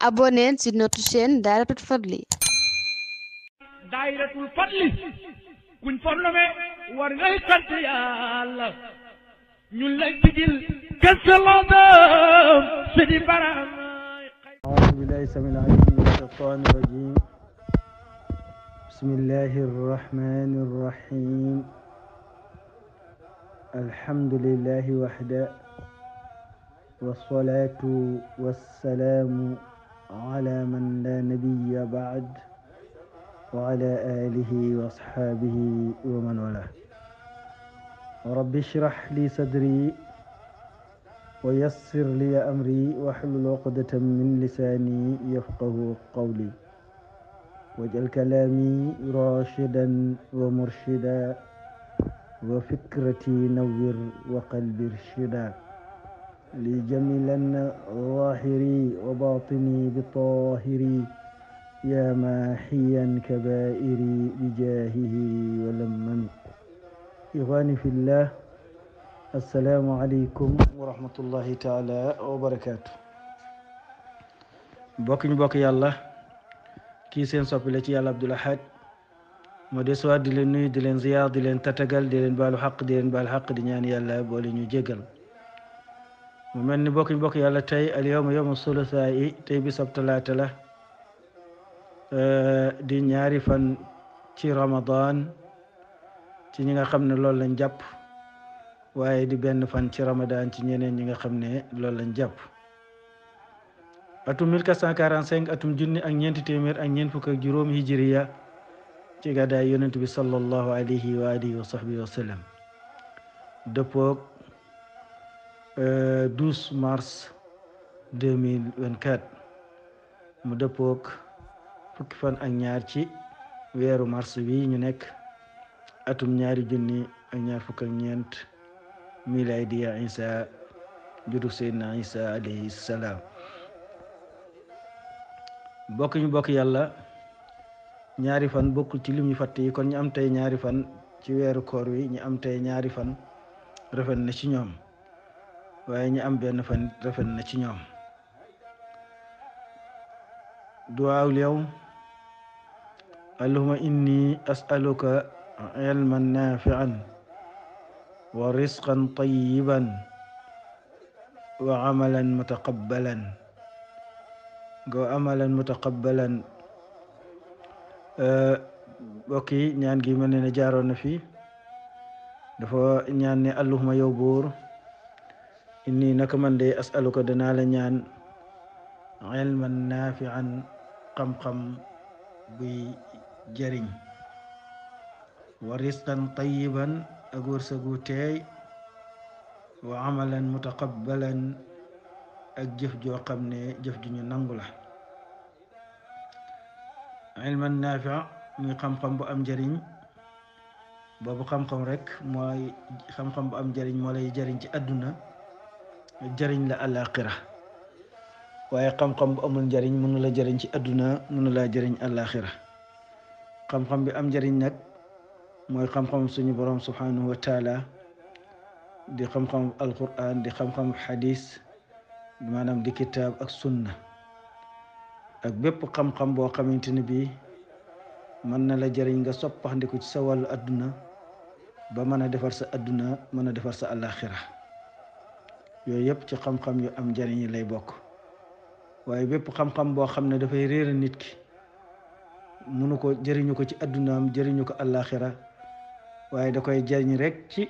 abonnez sur notre chaîne Dahiratoul Fadly Dahiratoul Fadly kuñ fornome war ngay sant yàlla ñun lay tigil kasaladam sidi baram أعوذ بالله السميع العليم من الشيطان الرجيم بسم الله الرحمن الرحيم الحمد لله وحده والصلاة والسلام وعلى من لا نبي بعد وعلى آله وأصحابه ومن والاه رب اشرح لي صدري ويسر لي أمري واحلل عقدة من لساني يفقه قولي واجعل كلامي راشدا ومرشدا وفكرتي نور وقلبي ارشدا لجملا ظاهري وباطني بالطاهر يا ماحيا كبائري بجاهه ولمن إخواني في الله السلام عليكم ورحمة الله تعالى وبركاته bokk ñu bokk yàlla kii seen soppi la ci yàlla Abdul Ahad moo des waat di leen nuyu di leen di leen tatagal di leen baalu xaq di leen baal xaq di ñaan yàlla boole ñu mu mel ni bokk bokk yàlla tey al yawma yawmu sulusaa yi tey bisab talaata la euh, di ñaari fan ci ramadan ci ñi nga xam ne loolu lañ jàpp waaye di benn fan ci ramadan ci ñeneen ñi nga xam ne loolu lañ jàpp atum 1445 atum junni ak ñeenti téeméer ak ñeent fukk ak juróom hijriya ci gàddaay yonent bi sallallahu alayhi wa alihi wa sahbihi wa sallam dëppoog 12 euh, mars 2024 mu dëppook fukki fan ak ñaar ci weeru mars wi ñu nekk atum ñaari junni ak ñaar fukk ak ñeent miladiya isa juddu seydna isa alayhi salaam bokk ñu bokk yàlla ñaari fan bokkul ci lim ñu fàtte yi kon ñu am tey ñaari fan ci weeru koor wi ñu am tey ñaari fan rafet na ci ñoom waaye ñu am benn fan rafet na ci ñoom duwaawul yow allahuma inni asaluka ilman nafian wa risqan tayiban wa amalan mutaqabbalan go amalan mutaqabbalan euh, mbokk yi ñaan gi mel ne jaaroon na fi dafa ñaan ne yow buur inni naka man de asaluka danaa la ñaan ilman naafian xam-xam buy jariñ wa risqan tayiban ak wërsëgu teey wa amalan mutaqabbalan ak jëf joo xam ne jëf ju ñu nangu la ilman naafi muy xam-xam bu am njëriñ boobu xam-xam rek mooy xam-xam bu am njëriñ moo lay jëriñ ci àdduna jariñ la àllaaxira waaye xam bu amul jariñ mënu la jariñ ci àdduna mënu laa jariñ àllaaxira xam bi am jariñ nag mooy xam suñu borom subhanahu wa di xam-xam di xam-xam xadis maanaam di kitaab ak sunna ak bépp xam boo xamante ne bii mën na la jëriñ nga soppax ndiku ci sa wàllu adduna ba mën a defar sa adduna mën a defar sa àllaaxira yooyu yëpp ci xam-xam yu am njariñ lay bokk waaye bépp xam-xam boo xam ne dafay réer nit ki munu ko jëriñu ko ci addunaam jëriñu ko alaaxira waaye da koy jëriñ rekk ci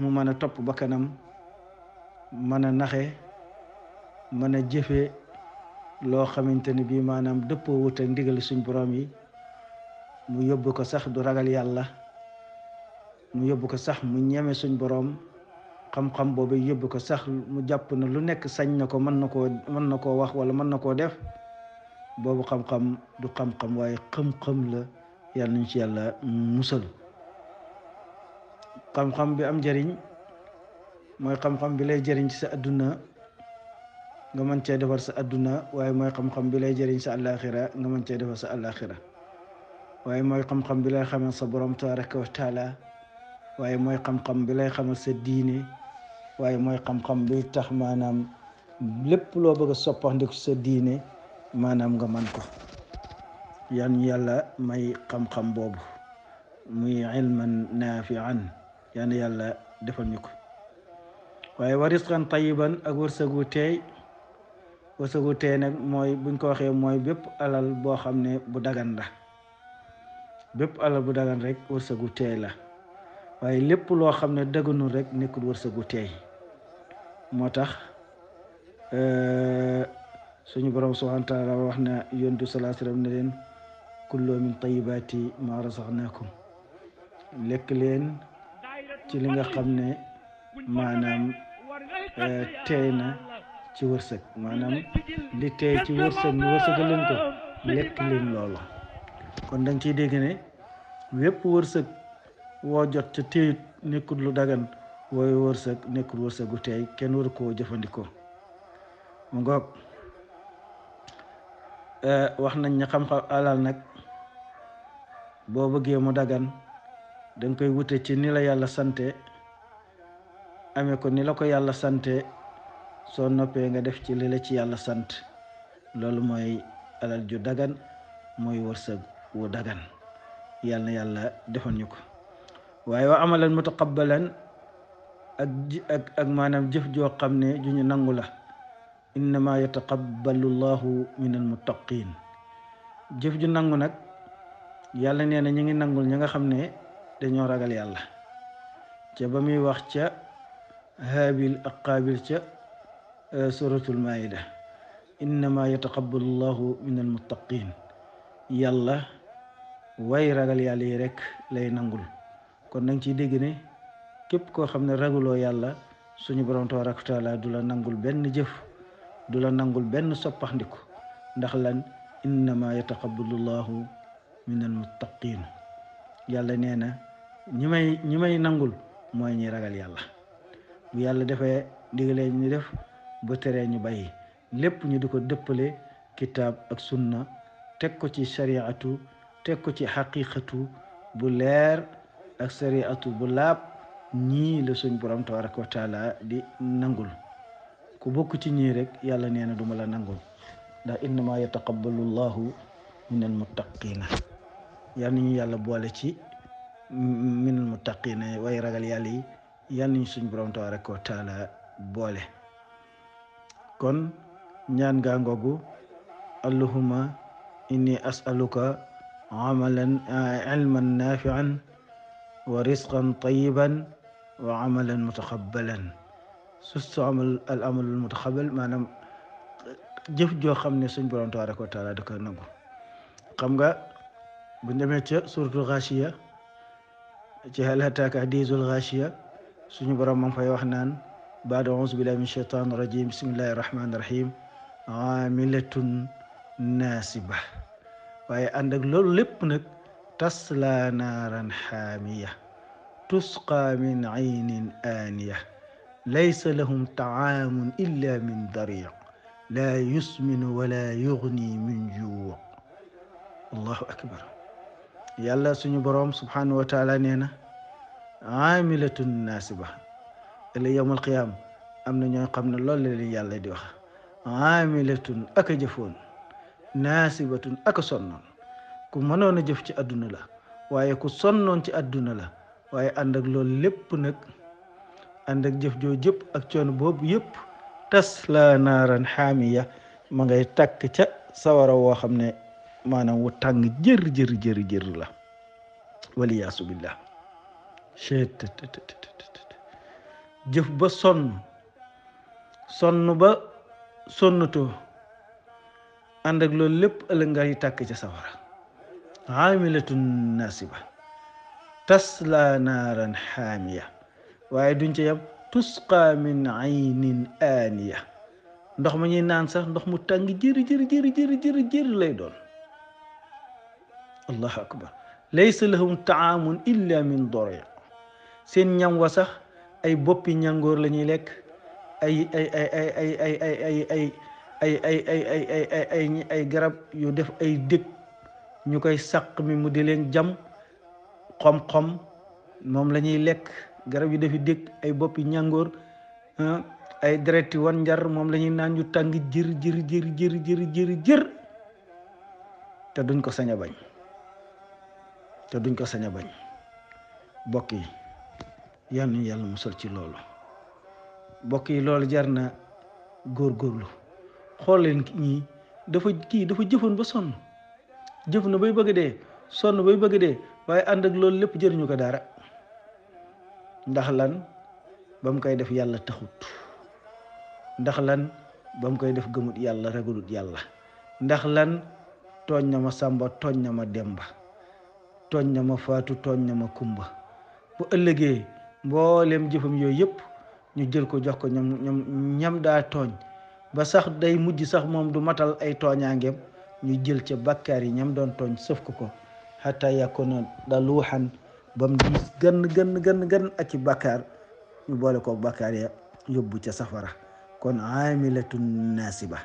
mu mën a topp ba kanam mën a naxe mën a jëfe loo xamante ne bii maanaam dëppoo wut ak suñ boroom yi mu yóbbu ko sax du ragal yàlla mu yóbbu ko sax mu ñeme suñ boroom xam-xam boobu yóbbu ko sax mu jàpp na lu nekk sañ na ko mën na koo mën na koo wax wala mën na koo def boobu xam-xam du xam-xam waaye xam-xam la yàlla nañ ci yàlla musal xam-xam bi am njëriñ mooy xam-xam bi lay jëriñ ci sa adduna nga mën cee defar sa adduna waaye mooy xam-xam bi lay jëriñ sa àllaaxira nga mën cee defar sa àllaaxira wa taala waaye mooy xam-xam bi lay xamal sa diine waaye mooy xam-xam bi tax maanaam lépp loo bëgg a soppandiku sa diine maanaam ga man ko yan yàlla may xam-xam boobu muy ilman naafian yan yàlla defal ñu ko waaye wa risqan tayiban ak wërsëgu teey wërsëgu teey nag mooy buñ ko waxee mooy bépp alal boo xam ne bu dagan la bépp alal bu dagan rek wërsëgu teey la waaye lépp loo xam ne dëgganul rek nekkul bu teey moo tax euh, suñu borom subhanahu wa taala wax na yonent bi sallallahu alayhi wa sallam ne leen kulloo min tayibaati ma razaqnaakum lekk leen ci linga xam ne maanaam euh, teey na ci wërsëg maanaam li teey ci wërsëg ñu wërsëgal leen ko lekk leen loolu kon dañ ciy dégg ne wépp wërsëg woo jot ca téyit nekkul lu dagan wooy wërsëg nekkul wërsëgu teey kenn waru koo jëfandikoo mu ngoog eh, wax nañ na xam-xam alal nag boo bëggee mu dagan danga koy wute ci nii la yàlla sante amee ko ni la ko yàlla sante soo noppee nga def ci li ci yàlla sant loolu mooy alal ju dagan mooy wërsëg wu dagan yàlla na yàlla defal ñu ko waaye wa amalan mutaqabbalan ak ak ak maanaam jëf joo xam ne ju ñu nangu la innama yataqabbalu llahu min almuttaqin jëf ju nangu nag yàlla nee na ñu ngi nangul ñi nga xam ne dañoo ragal yàlla ca ba muy wax ca haabil ak qaabil ca euh, suratul maida innama yataqabbalu llahu min almuttaqin yàlla way ragal yàlla yi rekk lay nangul kon nag ciy dégg ne képp koo xam ne raguloo yàlla suñu borom tabaaraka wa du la nangul benn jëf du la nangul benn soppaxndiku ndax lan innama yataqabbalu llahu min almuttaqin yàlla nee na ñi may ñi may nangul mooy ñi ragal yàlla bu yàlla defee digalee ñu def bu teree ñu bàyyi lépp ñu di ko dëppale kitaab ak sunna teg ko ci shariatu teg ko ci xaqiqatu bu leer ak sariatu bu laab ñii la suñ borom tabaraka wa taala di nangul ku bokk ci ñii rek yàlla nee na du ma la nangul ndax innama yataqabbalu llahu min almuttaqina yal nañu yàlla boole ci min almuttaqina way ragal yàlla yi yal nañu suñ wa taala boole kon ñaan ngaa ngoogu allahuma inni asaluka amalan ilman nafian wa risqan tayiban wa amalan mutaqabbalan sustu amal al amalul mutaqabbal maanaam jëf joo xam ne suñ borom tabaraka wa taala da ko nangu xam nga bu demee ca suratul xaasiya ci hal ataaka hadiisul xaasiya suñu borom ma fay wax naan baada auzu billahi min shaytaan rajim bismillahi rahmaani rahim aamilatun naasiba waaye ànd ak loolu lépp nag tasla naaran xaamiya tusqa min aynin aaniya laysa lahum taamun illa min dariq laa yusminu wala yugni min juu allahu akbar yàlla suñu boroom subhanahu wa taala nee na aamilatun naasiba ëllëg yowmal qiyaam am na ñoo xam ne loolu la leen yàlla di wax aamilatun aka jëfoon naasibatun aka sonnoon ku mënoon a jëf ci àdduna la waaye ku sonnoon ci àdduna la waaye ànd ak loolu lépp nag ànd ak jëf joo jëpp ak coono boobu yëpp tas la naaran xaamiya ma ngay tàkk ca sawara woo xam ne maanaam wu tàng jër jër jër la waliyaasu billah jëf ba sonn sonn ba sonnatoo ànd ak loolu lépp ëllëg ngay tàkk ca sawara aamilatun nasiba tasla naaran xaamiya waaye duñ ca yam tusqa min aynin aaniya ndox ma ñuy naan sax ndox mu tàng jëri jëri jëri jëri jëri jëri lay doon allahu akbar laysa lahum taamun illa min dori seen ñam wa sax ay boppi ñangoor la ñuy lekk ay ay ay ay ay ay ay ay ay ay ay ay ay ay garab yu def ay dëkk ñu koy sàq mi mu di leen jam xom-xom moom la lekk garab yi dafi dégg ay boppi ñàngoor ah, ay dereti wan njar moom lañuy ñuy naan yu tàng jër jër jër jër jër jër jër te duñ ko sañ a bañ te duñ ko sañ a bañ bokk yi yal nañu yàlla musal ci loolu bokk yi loolu jar na góor góorlu xool leen ñi dafa kii dafa jëfoon ba sonn jëf na bay bëgg dee sonn bay bëgg dee waaye ànd ak loolu lépp jëriñu ko dara ndax lan bam mu koy def yàlla taxut ndax lan ba mu koy def gëmut yàlla ragalut yàlla ndax lan tooñ na ma sàmba tooñ na ma demba tooñ na ma faatu tooñ na ma kumba bu ëllëgee mbooleem jëfam yooyu yëpp ñu jël ko jox ko ñam ñam daa tooñ ba sax day mujj sax moom du matal ay tooñaangeem ñu jël ca bakkaar yi ñam doon tooñ sëf ko ko xataa yakuna daluuxan ba mu diis gën gën gën gën ak ci bakkaar ñu boole ko bakkaar ya yóbbu ca safara kon aamilatun naasiba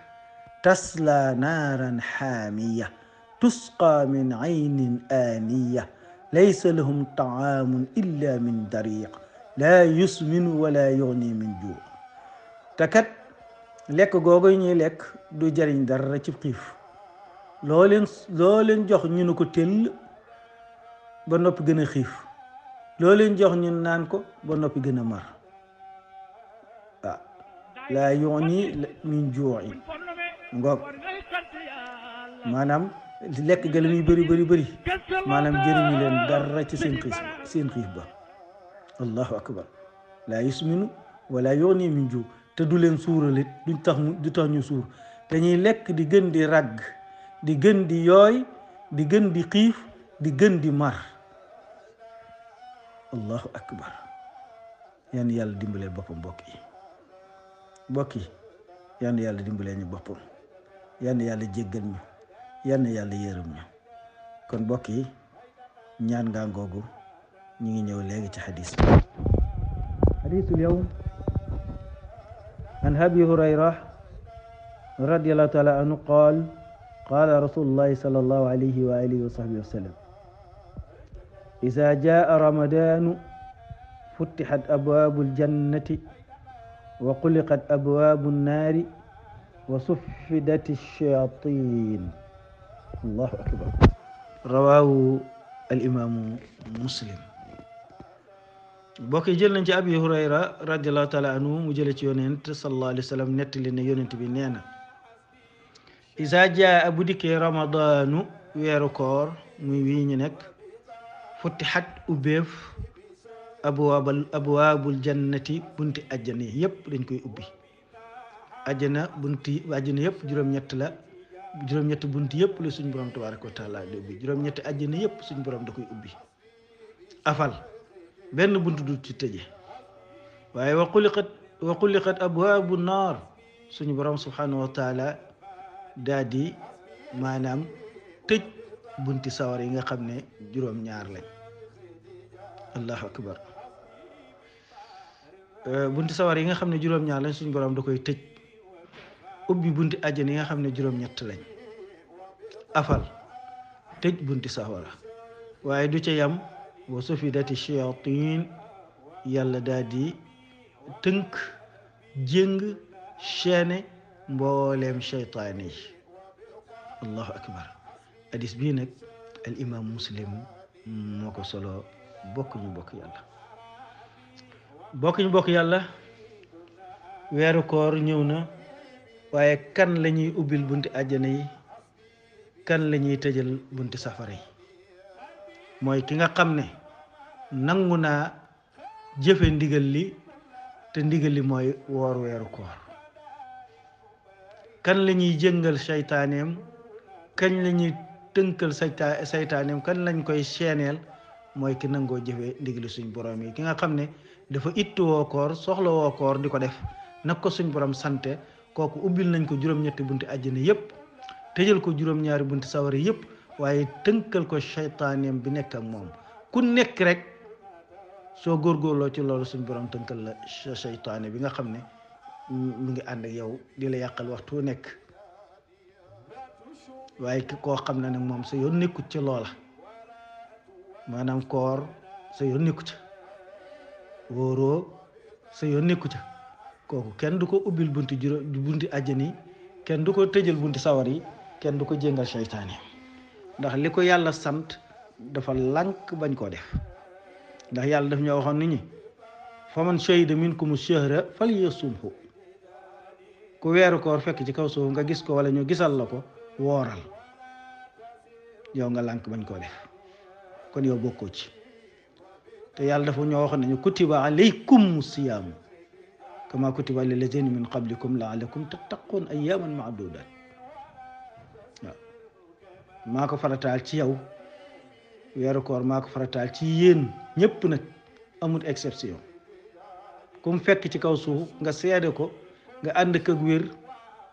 tasla naaran xaamiya tusqa min aynin aaniya laysa lahum taamun illa min dariq laa yusminu wala yugni min juu te kat lekk googu ñuy lekk du jëriñ dara ci xiif loo leen jox ñu ne ko tëll ba noppi gën a xiif looleen jox ñu naan ko ba noppi gën a mar waaw ah. laa yuxni min juuin ngoog maanaam lekk ga la muy bëri bëri bëri maanaam jëriñu leen dara ci seen xiif seen xiif ba allahu akbar laa yusminu wala yuxni min juu te du leen suuralit duñ tax du tax ñu suur dañuy lekk di gën di ràgg di gën di yooy di gën di xiif di gën di mar allahu akbar yan yàlla dimbalee boppam mbokk yi mbokk yi yan yàlla dimbalee ñu boppam yan yàlla jéggal ñu yan yàlla yërëm ñu kon mbokk yi ñaan ngaa ngoogu ñu ngi ñëw léegi ci xadis bi xadisul an abi hurayra radiallahu taala anhu qaal qaala rasulullahi sallallahu alayhi wa alihi wa sahbihi wa sallam iza jaa ramadaanu futtixat abwaabu aljannati wa xuliqat abwaabu nnaari wa suffidat ash-shayaatiin allahu akbar rawaahu alimaamu muslim bokk jël nañ ci abi hurayra radiallahu taala anhu mu jële ci yonent sallallahu alayhi wa sallam nettali ne yonent bi nee na isa jaa bu dikkee ramadaanu weeru koor muy wii ñu nekk futtihat ubbeef abwaabal abwaabul jannati bunt ajjana yi yëpp dañ koy ubbi ajjana bunti ajjana yëpp juróom-ñett la juróom-ñetti bunti yëpp la suñ borom tabaaraka wa taala di ubbi juróom-ñetti ajjana yëpp suñu borom da koy ubbi afal benn bunt du ci waaye wa xuliqat wa xuliqat abwaabu naar suñu borom subhanahu wa daadi di maanaam tëj bunti sawar yi nga xam ne juróom-ñaar lañ allahu akbar euh, bunti sawar yi nga xam ne juróom-ñaar lañ suñ borom da koy tëj ubbi bunti àjjana yi nga xam ne juróom-ñett lañ afal tëj bunti sawara waaye du ca yam wa sufidati shayatin yàlla daa di tënk jéng chaîne mbooleem cheytaan yi allahu akbar hadis bii nag al imam muslim moo ko solo bokk ñu bokk yàlla bokk ñu bokk yàlla weeru koor ñëw na waaye kan lañuy ñuy ubbil bunti àjjana yi kan lañuy ñuy tëjal bunti safara yi mooy ki nga xam ne nangu naa jëfe ndigal li te ndigal li mooy woor weeru koor kan lañuy jëngal seytaaneem kañ lañuy tënkal sayta saytaaneem kan lañ koy seeneel mooy ki nangoo jëfee ndigli suñ borom yi ki nga xam ne dafa itti woo koor soxla woo di ko def nag ko suñ borom sante kooku ubbil nañ ko juróom-ñetti bunti àjjana yëpp tëjal ko juróom-ñaari bunti sawara yëpp waaye tënkal ko seytaaneem bi nekk ak moom ku nekk rek soo góor góorloo ci loolu suñ borom tënkal la seytaane bi nga xam ne mu ngi ànd yow di la yàqal waxtu nekk waaye ko xam na ne moom sa yoon nekkut ca loola maanaam koor sa yoon nekku ca wóoroo sa yoon nekku ca kooku kenn du ko ubbil bunt juróom bunti àjjani kenn du ko tëjal bunti sawar yi kenn du ko jéngal seytaane ndax li ko yàlla sant dafa lànk bañ koo def ndax yàlla daf ñoo waxoon nit ñi faman shahida minkum shahra falyasumhu ku weeru koor fekk ci kaw suuf nga gis ko wala ñu gisal la ko wooral yow nga lànk bañ koo def kon yow bokkoo ci te yàlla dafa ñoo wax nañu kutiba alaykum siyaamu kama kutiba lil lazina min qablikum laallakum tattaquun ayyaman maadudat waaw maa ko farataal ci yow weeru koor maa ko farataal ci yéen ñëpp nag amul exception kum fekk ci kaw suuf nga seede ko nga ànd ak wér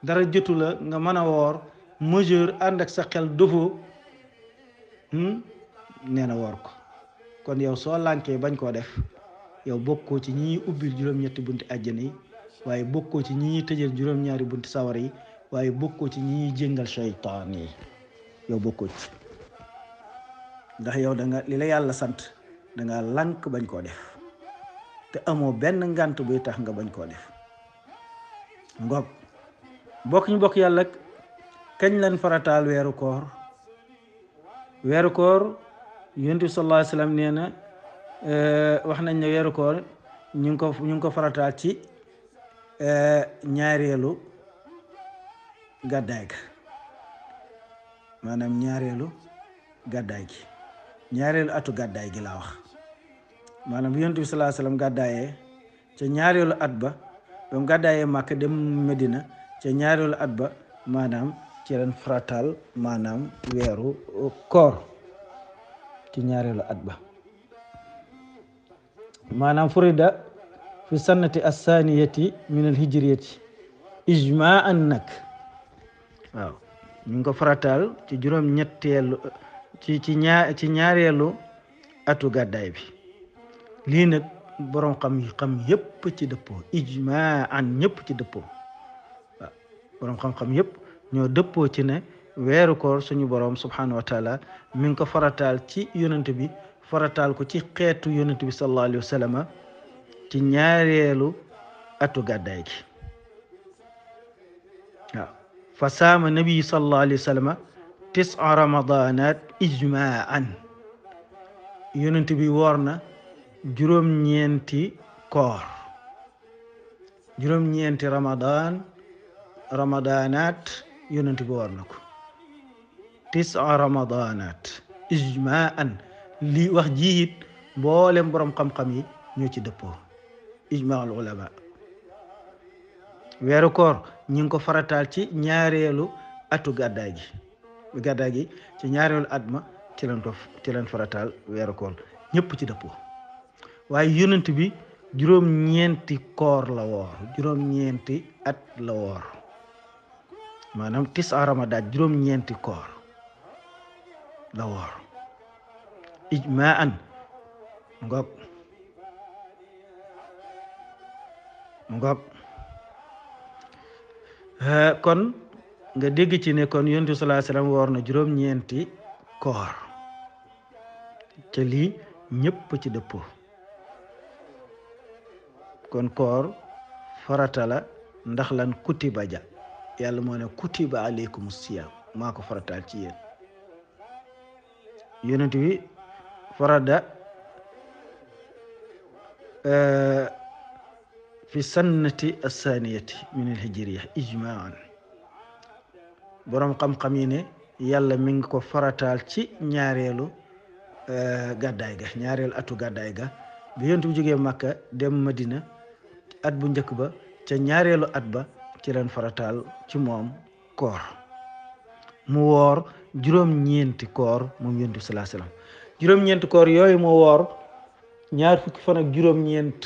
dara jotu la nga mën a woor majeur ànd ak sa xel dofoo hmm? nee na woor ko kon yow soo lànkee bañ koo def yow bokkoo ci ñi ñuy ubbil juróom-ñetti bunti waaye bokkoo ci ñi ñuy tëjal juróom-ñaari bunti sawar yi waaye bokkoo ci ñi ñuy jëngal seytaan yi yow bokkoo ci ndax yow da nga li la yàlla sant danga nga lànk bañ koo def te amoo benn ngànt buy tax nga bañ koo def ngoog bokk ñu bokk yàlla kañ lañ farataal weeru koor weeru koor yonent bi sallallahu alayhi wa sallam nee na eh, wax nañ ne weeru koor ñu ngi ko ñu ngi ko farataal ci eh, ñaareelu gàddaay ga maanaam ñaareelu gàddaay gi ñaareelu atu gàddaay gi laa wax maanaam yonent bi sallallahu alayhi wa gàddaayee ca ñaareelu at ba ba mu gàddaayee Màkka dem Medina ci ñaareelu at ba maanaam ci leen faratal maanaam weeru koor ci ñaareelu at ba maanaam furida fi sannati assaniyati min al hijriyati ijmaan nag waaw ñu ngi ko faratal ci juróom ñetteelu ci ñaareelu atu gàddaay bi boroom xam xam yépp ci dëppoo ijmaan ñëpp ci dëppoo waaw boroom xam yépp ñoo dëppoo ci ne weeru koor suñu boroom subhanahu wa taala ngi ko farataal ci yonent bi farataal ko ci xeetu yonent bi sallallahu alayhi wa sallam ci ñaareelu atu gàddaay gi waaw fa saama nabi sallallahu alayhi wa sallam tisa ramadanat ijmaan bi woor juróom-ñeenti koor juróom-ñeenti ramadaan ramadanaat yonent bi war na ko tisa ramadanaat ijmaan lii wax jiit it mboolem boroom xam-xam yi ñoo ci dëppoo ijmaal ulama weeru koor ñi ko farataal ci ñaareelu atu gàddaay gi gi ci ñaareelu at ma ci leen ko ci leen farataal weeru koor ñëpp ci dëppoo waaye yonent bi juróom-ñeenti koor la woor juróom-ñeenti at la woor maanaam tis a ramadaan juróom-ñeenti koor la woor ijmaan ngoog ngoog euh, kon nga dégg ci ne kon yonent bi sallallahu woor na juróom-ñeenti koor ca lii ñëpp ci dëppoo kon koor farata ndax lan kutiba ja yàlla moo ne kutiba aleykum siyaam maa ko farataal ci yéen yonent bi farada euh, fi sannati assaniyati min alhijriya ijmaan boroom xam-xam yi ne yàlla mi ngi ko faratal ci ñaareelu euh, gàddaay ga ñaareelu atu gàddaay ga bi yonent bi jógee Màkka dem Madina at bu njëkk ba ca ñaareelu at ba ci leen farataal ci moom koor mu woor juróom-ñeenti koor moom yonent bi juróom-ñeenti koor yooyu mu woor ñaar fukki fan ak juróom-ñeent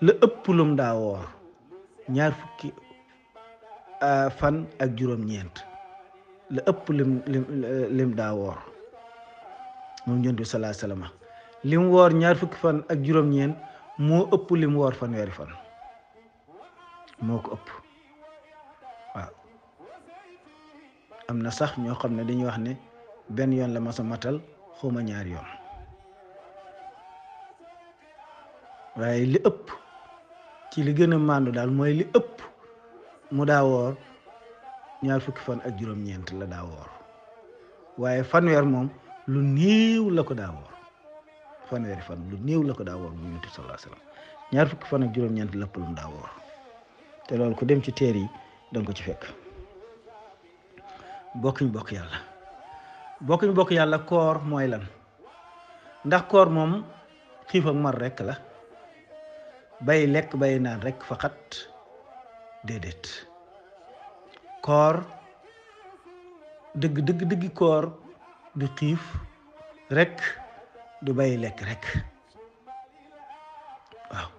la ëpp lum daa woor ak juróom la ëpp lim mu woor ñaar fukki fan ak juróom-ñeent moo ëpp li woor fanweeri fan moo ko ëpp waaw am na sax ñoo xam ne dañuy wax ne benn yoon la mas a matal ñaari yoon waaye li ëpp ci li gën a màndu daal mooy li ëpp mu daa woor ñaar fukki fan ak juróom-ñeent la daa woor waaye fanweer moom lu néew la ko daa woor fanweeri fan lu néew la ko daa woor bu yonent bi sallallahu ñaar fukki fan ak juróom-ñeent lépp lu mu daa woor te loolu ku dem ci teer yi danga ko ci fekk bokkiñ bokk yàlla bokkuñ bokk yàlla koor mooy lan ndax koor moom xiif mar rekk la bay lekk bay naan rekk faqat déedéet koor dëgg dëgg dëgg koor du xiif rekk du bàyyi lekk rek waaw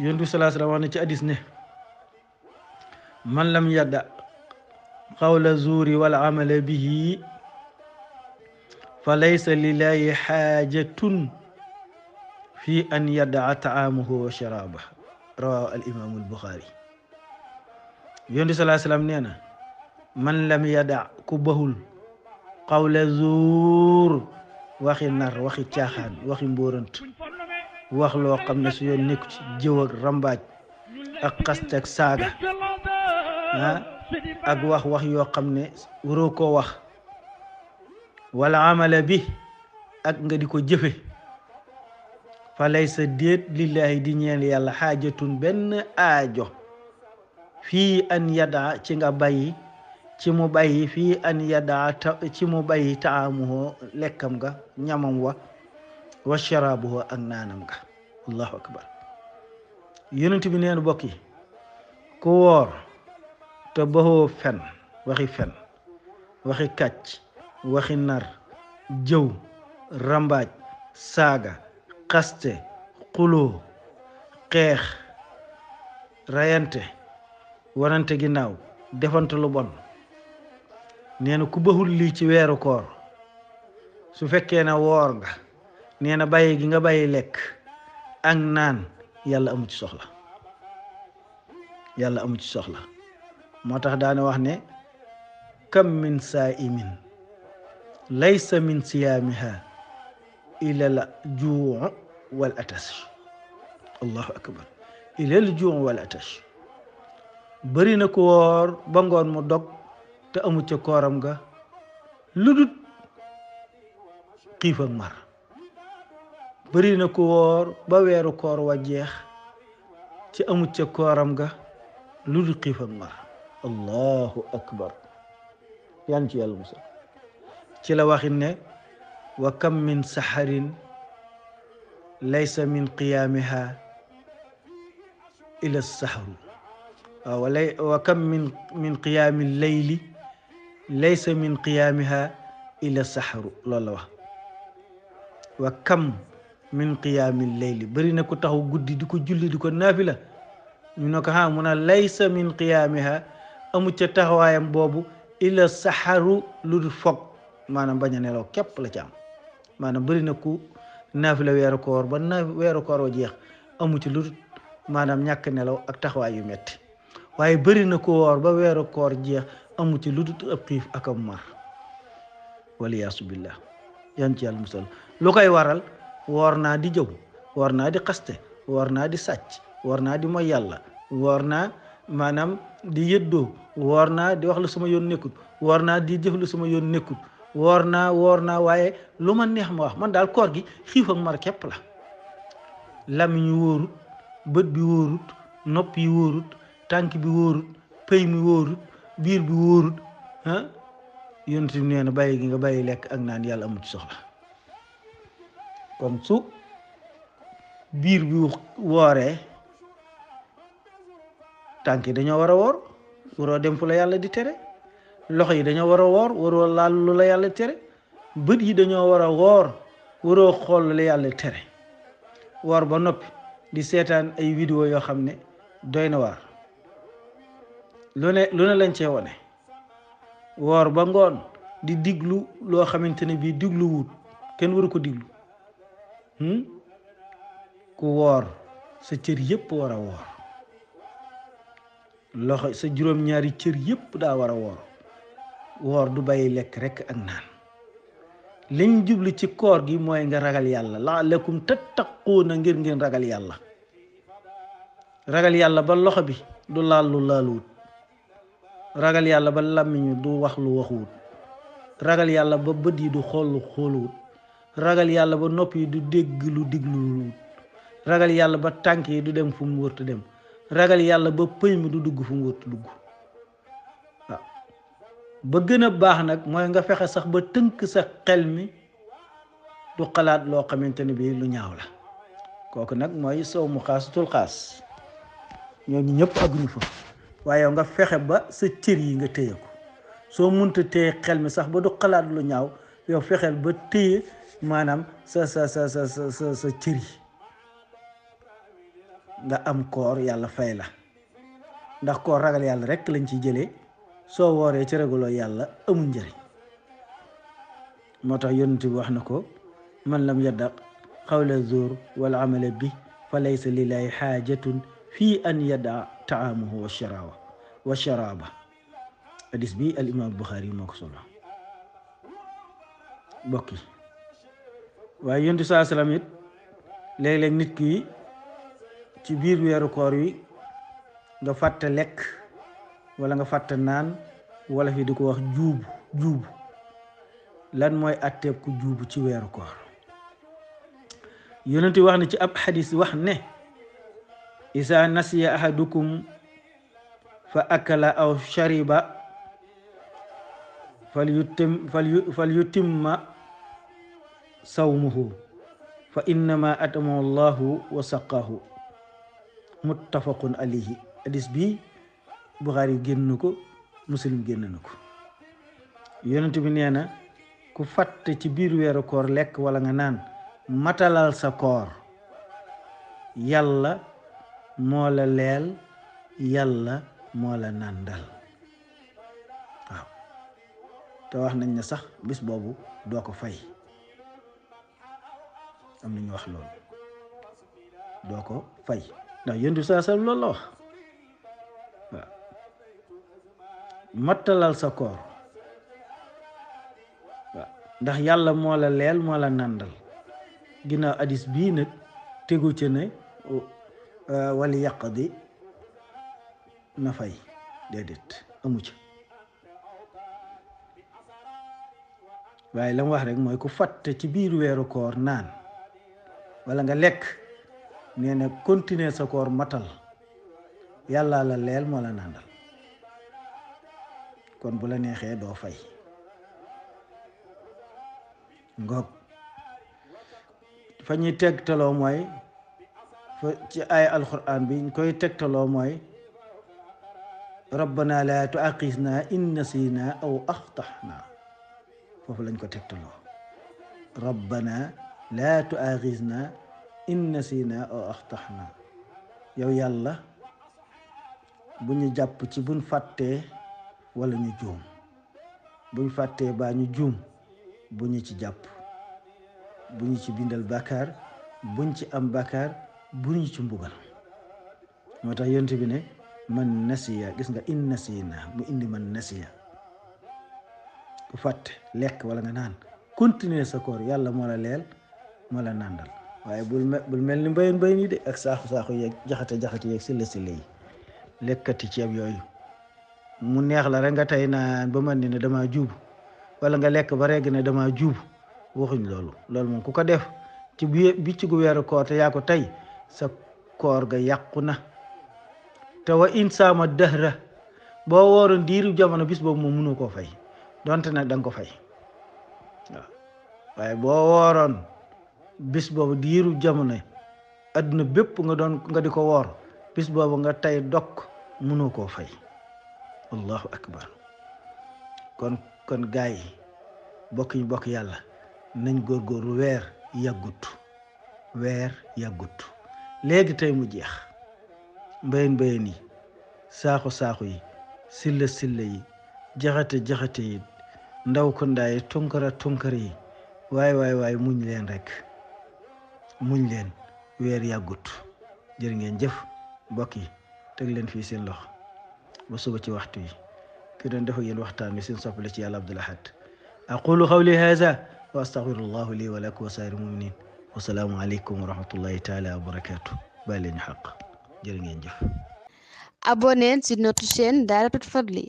yonent bi sallallahu alayhi wa sallam wax na ci hadis ne man lam yadda qawla zuuri wal amala bihi fa laysa lillahi xaajatun fi an yaddaa taamahu wa sharaaba rawahu al imaamu al buxaari yonent bi sallallahu alayhi wa sallam nee na man lam yadda ku bahul qawla zuur waxi nar waxi caaxaan waxi mbóorant wax loo xam ne su yoon nekku ci jëw ak rambaaj ak xast ak saaga ah, ak wax wax yoo xam ne waroo ko wax wala amala bi ak nga di ko jëfe fa sa déet lillaahi di ñeel yàlla xaajatun benn aajo fi an yadaa ci nga bàyyi ci mu bàyyi fii an yadaa ta ci mu bàyyi taamuhu lekkam ga ñamam wa wa sharaabuhu ak naanam ga allahu akbar yonent bi neen bokk ku woor te baxoo fen waxi fen waxi kàcc waxi nar jëw rambaaj saaga xaste xuloo xeex rayante warante ginnaaw defante lu bon nee na ku baxul lii ci weeru koor su fekkee ne woor nga nee na bàyyi gi nga bàyyi lekk ak naan yàlla amu ci soxla yàlla amu ci soxla moo tax daana wax ne kam min saa'imin laysa min siyaamiha ilal juu wal atash allahu akbar ilal juu wal atash bëri na woor ba ngoon mu dog te amut ca kooram ga lu dut xiif ak mar bëri na ku woor ba weeru koor wa jeex ci amut ca kooram ga lu dut xiif ak mar allahu akbar yan ci yàlla musal ci la waxit ne wa kam min saxarin laysa min qiyaamiha ila saxru wa kam min min qiyaami leyli laysa min qiyaamiha illa saxaru loolu la wa kam min qiyaamil layli bëri na ko taxaw guddi di ko julli di ko naafila ñu ne ko ha mu min qiyaamiha amu ca taxawaayam boobu illa saxaru lu fog foog maanaam bañ a nelaw képp la ci am maanaam bëri na ku naafila weeru koor ba na weeru koor wa amu ci lu ñàkk nelaw ak taxawaay yu metti waaye amu ci lu dul ab xiif ak am mar waliyaasu billah yan ci yàlla lu koy waral woor naa di jëw woor naa di xaste woor naa di sàcc woor naa di mooy yàlla woor naa maanaam di yëddoo woor naa di wax lu sama yoon nekkut woor naa di jëf lu sama yoon nekkut woor naa woor naa waaye lu ma neex ma wax man daal koor gi xiif ak mar képp la lamiñ wóorut bët bi wóorut nopp yi wóorut tànk bi wóorut pëy mi biir bi wóorut ah yonent bi gi nga bàyyi lekk ak naan yàlla amut soxla kon su biir bi wooree tànk yi dañoo war a woor waroo dem fu yàlla di tere loxo yi dañoo war a woor waroo laal lu la yàlla tere bët yi dañoo war a woor waroo xool lu la yàlla tere woor ba noppi di seetaan ay vidéo yoo xam ne doy na waar lu ne lu lañ cee wone woor ba ngoon di diglu loo xamante ne bii diglu kenn waru ko diglu hmm? ku woor sa cër yépp war woor loxo sa juróom-ñaari cër yépp daa war a woor woor du bàyyi lekk rekk ak naan liñ jublu ci koor gi mooy nga ragal yàlla laalakum tattaquuna ngir ngeen ragal yàlla ragal yàlla ba loxo bi du laal laaluwut ragal yàlla ba làmmiñ du wax lu waxuwut ragal yàlla ba yi du xool ragal yàlla ba nopp yi du dégg lu digluwut ragal yàlla ba tànk yi du dem fu mu wërta dem ragal yàlla ba du dugg fu mu wërta dugg waaw ba gën a baax nag mooy nga fexe sax ba tënk sa xel mi du xalaat loo xamante ne bii lu ñaaw la kooku nag mooy sow mu xaasutul xaas ñooñu ñëpp agguñu fa waaye yow nga fexe ba sa cër yi nga téye ko soo munta téye xel mi sax ba du xalaat lu ñaaw yow fexeel ba téye maanaam sa sa sa sa sa cër yi nga am koor yàlla fay la ndax koor ragal yàlla rekk lañ ci jëlee soo wooree ci ragaloo yàlla amul njëriñ moo tax yonent bi wax na ko man lam yaddaq xawla zuur wal amala bi fa laysa lillahi xaajatun fii an yaddaa taamuhu wa sharaaba wa sharaaba hadis bi al imam Buxaari moo ko solo bokki waaye yontu saa salaam it nit ki ci biir weeru koor wi nga fàtte lekk wala nga fàtte naan wala fi di ko wax juubu juubu lan mooy atteeb ku juubu ci weeru koor yonent wax ne ci ab xadis wax ne isa nasiya ahadukum fa akala aw shariba falyutimma sawmuhu fa innama atamahu llahu wa saqaahu muttafaqun alayhi hadis bi Buxaari génn Muslim génn na ko yonent ku fàtte ci biir weeru koor lekk wala nga naan matalal sa koor yàlla moo la leel yàlla moo la nàndal waaw te wax nañ ne sax bis boobu doo ko fay am na ñu wax loolu doo ko fay ndax yonent bi saa sallam loolu la wax mattalal sa koor waaw ndax yàlla moo la leel moo la nàndal ginnaaw hadis bii nag tegu ci ne Euh, wali yaqdi na fay déedéet amu ci waaye la wax rek mooy ku fàtte ci biir weeru koor naan wala nga lekk nee na continuer sa koor matal yàlla la leel moo la nàndal kon bu la neexee doo fay ngoog fa ñuy tegtaloo mooy ci ay alquran bi ñu koy tegtaloo mooy rabbana la tuaqisna in nasina aw axtaxna foofu lañ ko tegtaloo rabbana la tuaqisna in nasina aw axtaxna yow yàlla bu ñu jàpp ci buñ fàttee walla ñu juum buñ fàttee baa ñu juum bu ñu ci jàpp bu ñu ci bindal bàkkaar buñ ci am bàkkaar bu ci mbugal moo tax yonent bi ne man nasiya gis nga in nasiina mu indi man nasiya ku fàtte lekk wala nga naan continuer sa koor yàlla moo la leel moo la nàndal waaye bul bul mel ni mbayoon mbay nii de ak saaxu saaxu yeeg jaxate jaxate yeeg silla silla yi lekkati ceeb yooyu mu neex la rek nga tey naan ba man ni ne dama juub wala nga lekk ba reg ne dama juub waxuñ loolu loolu moom ku ko def ci bi ci gu weeru koor te yaa tey sa koor ga yàqu na te wa insaama dëhra boo wooroon diiru jamono bis boobu moom mënu koo fay donte nag da nga ko fay waaye boo wooroon bis boobu diiru jamono adduna bépp nga doon nga di ko woor bis boobu nga tey dokk mënu koo fay allahu akbar kon kon gaay yi bokk ñu yàlla nañ góorgóorlu weer yàggut weer yàggut léegi tey mu jeex mbay mbay yi saaxu saaxu yi silla silla yi jaxate jaxate ndaw ko ndaa yi tunkara tunkara yi waaye waay waay muñ leen rek muñ leen weer yàggut jërë ngeen jëf mbokk yi teg leen fii seen lox ba suba ci waxtu yi ki doon def yéen waxtaan wi seen soppale ci yàlla Abdul Ahad aqulu qawli haza wa astaghfirullahu li wa lakum wa saa'iril mu'minin wasalaamualeykum wa rahmatullahi taala wa barakaatu bàyyi leen xaq jërë ngeen jëf abonnez sur notre chaîne Dahiratoul Fadly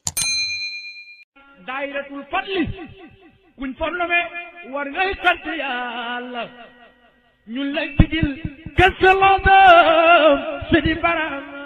Dahiratoul Fadly kuñ fornome war ngay sant yàlla ñun la